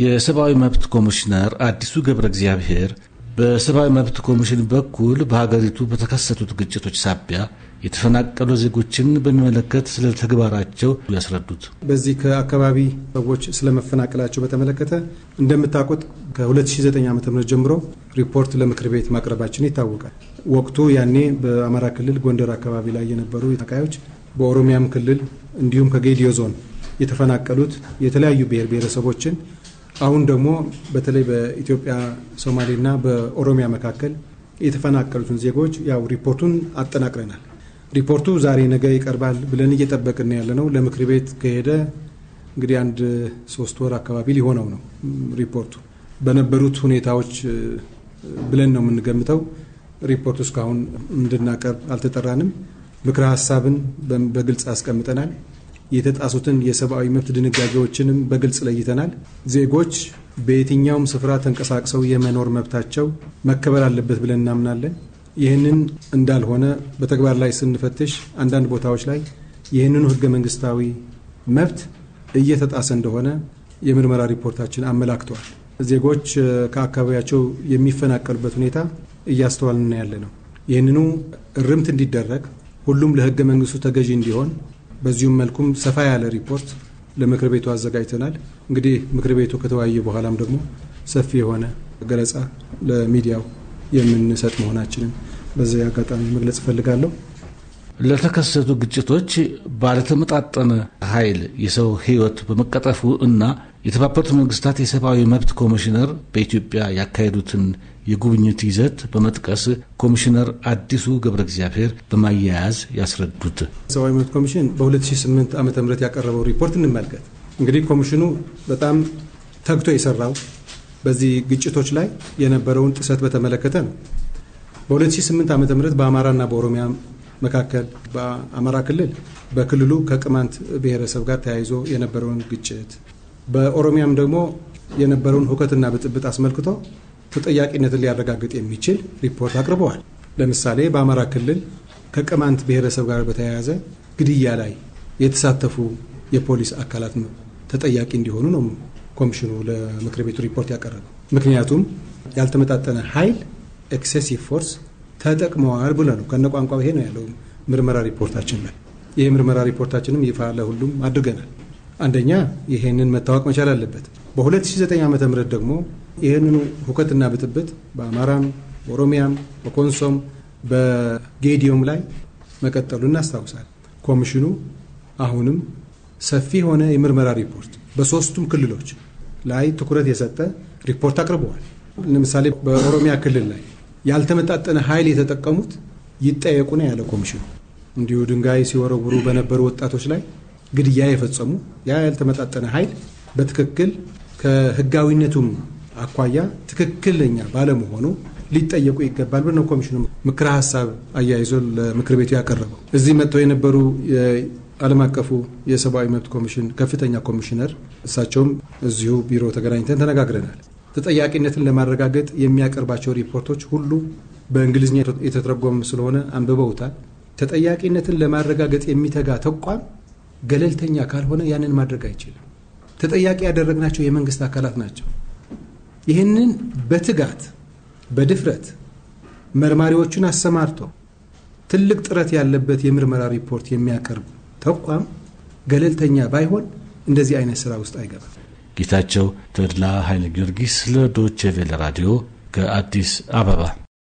የሰብአዊ መብት ኮሚሽነር አዲሱ ገብረ እግዚአብሔር በሰብአዊ መብት ኮሚሽን በኩል በሀገሪቱ በተከሰቱት ግጭቶች ሳቢያ የተፈናቀሉ ዜጎችን በሚመለከት ስለ ተግባራቸው ያስረዱት በዚህ ከአካባቢ ሰዎች ስለመፈናቀላቸው በተመለከተ እንደምታውቁት ከ2009 ዓ ም ጀምሮ ሪፖርት ለምክር ቤት ማቅረባችን ይታወቃል። ወቅቱ ያኔ በአማራ ክልል ጎንደር አካባቢ ላይ የነበሩ ተቃዮች፣ በኦሮሚያም ክልል እንዲሁም ከጌዲዮ ዞን የተፈናቀሉት የተለያዩ ብሔር ብሔረሰቦችን አሁን ደግሞ በተለይ በኢትዮጵያ ሶማሌ እና በኦሮሚያ መካከል የተፈናቀሉትን ዜጎች ያው ሪፖርቱን አጠናቅረናል። ሪፖርቱ ዛሬ ነገ ይቀርባል ብለን እየጠበቅን ያለ ነው። ለምክር ቤት ከሄደ እንግዲህ አንድ ሶስት ወር አካባቢ ሊሆነው ነው ሪፖርቱ በነበሩት ሁኔታዎች ብለን ነው የምንገምተው። ሪፖርቱ እስካሁን እንድናቀርብ አልተጠራንም። ምክረ ሀሳብን በግልጽ አስቀምጠናል። የተጣሱትን የሰብአዊ መብት ድንጋጌዎችንም በግልጽ ለይተናል። ዜጎች በየትኛውም ስፍራ ተንቀሳቅሰው የመኖር መብታቸው መከበር አለበት ብለን እናምናለን። ይህንን እንዳልሆነ በተግባር ላይ ስንፈትሽ አንዳንድ ቦታዎች ላይ ይህንኑ ህገ መንግስታዊ መብት እየተጣሰ እንደሆነ የምርመራ ሪፖርታችን አመላክተዋል። ዜጎች ከአካባቢያቸው የሚፈናቀሉበት ሁኔታ እያስተዋልና ያለ ነው። ይህንኑ እርምት እንዲደረግ ሁሉም ለህገ መንግስቱ ተገዢ እንዲሆን በዚሁም መልኩም ሰፋ ያለ ሪፖርት ለምክር ቤቱ አዘጋጅተናል። እንግዲህ ምክር ቤቱ ከተወያየ በኋላም ደግሞ ሰፊ የሆነ ገለጻ ለሚዲያው የምንሰጥ መሆናችንን በዚህ አጋጣሚ መግለጽ እፈልጋለሁ። ለተከሰቱ ግጭቶች ባለተመጣጠነ ኃይል የሰው ሕይወት በመቀጠፉ እና የተባበሩት መንግስታት የሰብአዊ መብት ኮሚሽነር በኢትዮጵያ ያካሄዱትን የጉብኝት ይዘት በመጥቀስ ኮሚሽነር አዲሱ ገብረ እግዚአብሔር በማያያዝ ያስረዱት የሰብዊ መብት ኮሚሽን በ2008 ዓ ም ያቀረበው ሪፖርት እንመልከት። እንግዲህ ኮሚሽኑ በጣም ተግቶ የሰራው በዚህ ግጭቶች ላይ የነበረውን ጥሰት በተመለከተ ነው። በ2008 ዓ ም በአማራና በኦሮሚያ መካከል በአማራ ክልል በክልሉ ከቅማንት ብሔረሰብ ጋር ተያይዞ የነበረውን ግጭት በኦሮሚያም ደግሞ የነበረውን ሁከትና ብጥብጥ አስመልክቶ ተጠያቂነትን ሊያረጋግጥ የሚችል ሪፖርት አቅርበዋል። ለምሳሌ በአማራ ክልል ከቅማንት ብሔረሰብ ጋር በተያያዘ ግድያ ላይ የተሳተፉ የፖሊስ አካላት ተጠያቂ እንዲሆኑ ነው ኮሚሽኑ ለምክር ቤቱ ሪፖርት ያቀረበው። ምክንያቱም ያልተመጣጠነ ኃይል ኤክሴሲቭ ፎርስ ተጠቅመዋል ብለ ነው ከነ ቋንቋ ይሄ ነው ያለው ምርመራ ሪፖርታችን ላይ። ይህ ምርመራ ሪፖርታችንም ይፋ ለሁሉም አድርገናል። አንደኛ ይሄንን መታወቅ መቻል አለበት። በ2009 ዓ ም ደግሞ ይህንኑ ሁከትና ብጥብጥ በአማራም፣ በኦሮሚያም፣ በኮንሶም በጌዲዮም ላይ መቀጠሉ እናስታውሳል። ኮሚሽኑ አሁንም ሰፊ የሆነ የምርመራ ሪፖርት በሶስቱም ክልሎች ላይ ትኩረት የሰጠ ሪፖርት አቅርበዋል። ለምሳሌ በኦሮሚያ ክልል ላይ ያልተመጣጠነ ኃይል የተጠቀሙት ይጠየቁ ነው ያለ ኮሚሽኑ እንዲሁ ድንጋይ ሲወረውሩ በነበሩ ወጣቶች ላይ ግድያ የፈጸሙ ያ ያልተመጣጠነ ኃይል በትክክል ከህጋዊነቱም አኳያ ትክክለኛ ባለመሆኑ ሊጠየቁ ይገባል ብነው ኮሚሽኑ ምክረ ሀሳብ አያይዞ ለምክር ቤቱ ያቀረበው። እዚህ መጥተው የነበሩ ዓለም አቀፉ የሰብአዊ መብት ኮሚሽን ከፍተኛ ኮሚሽነር እሳቸውም እዚሁ ቢሮ ተገናኝተን ተነጋግረናል። ተጠያቂነትን ለማረጋገጥ የሚያቀርባቸው ሪፖርቶች ሁሉ በእንግሊዝኛ የተተረጎመ ስለሆነ አንብበውታል። ተጠያቂነትን ለማረጋገጥ የሚተጋ ተቋም ገለልተኛ ካልሆነ ያንን ማድረግ አይችልም። ተጠያቂ ያደረግናቸው የመንግስት አካላት ናቸው። ይህንን በትጋት በድፍረት መርማሪዎቹን አሰማርቶ ትልቅ ጥረት ያለበት የምርመራ ሪፖርት የሚያቀርብ ተቋም ገለልተኛ ባይሆን እንደዚህ አይነት ስራ ውስጥ አይገባም። ጌታቸው ተድላ ኃይለ ጊዮርጊስ ለዶቼ ቬለ ራዲዮ ከአዲስ አበባ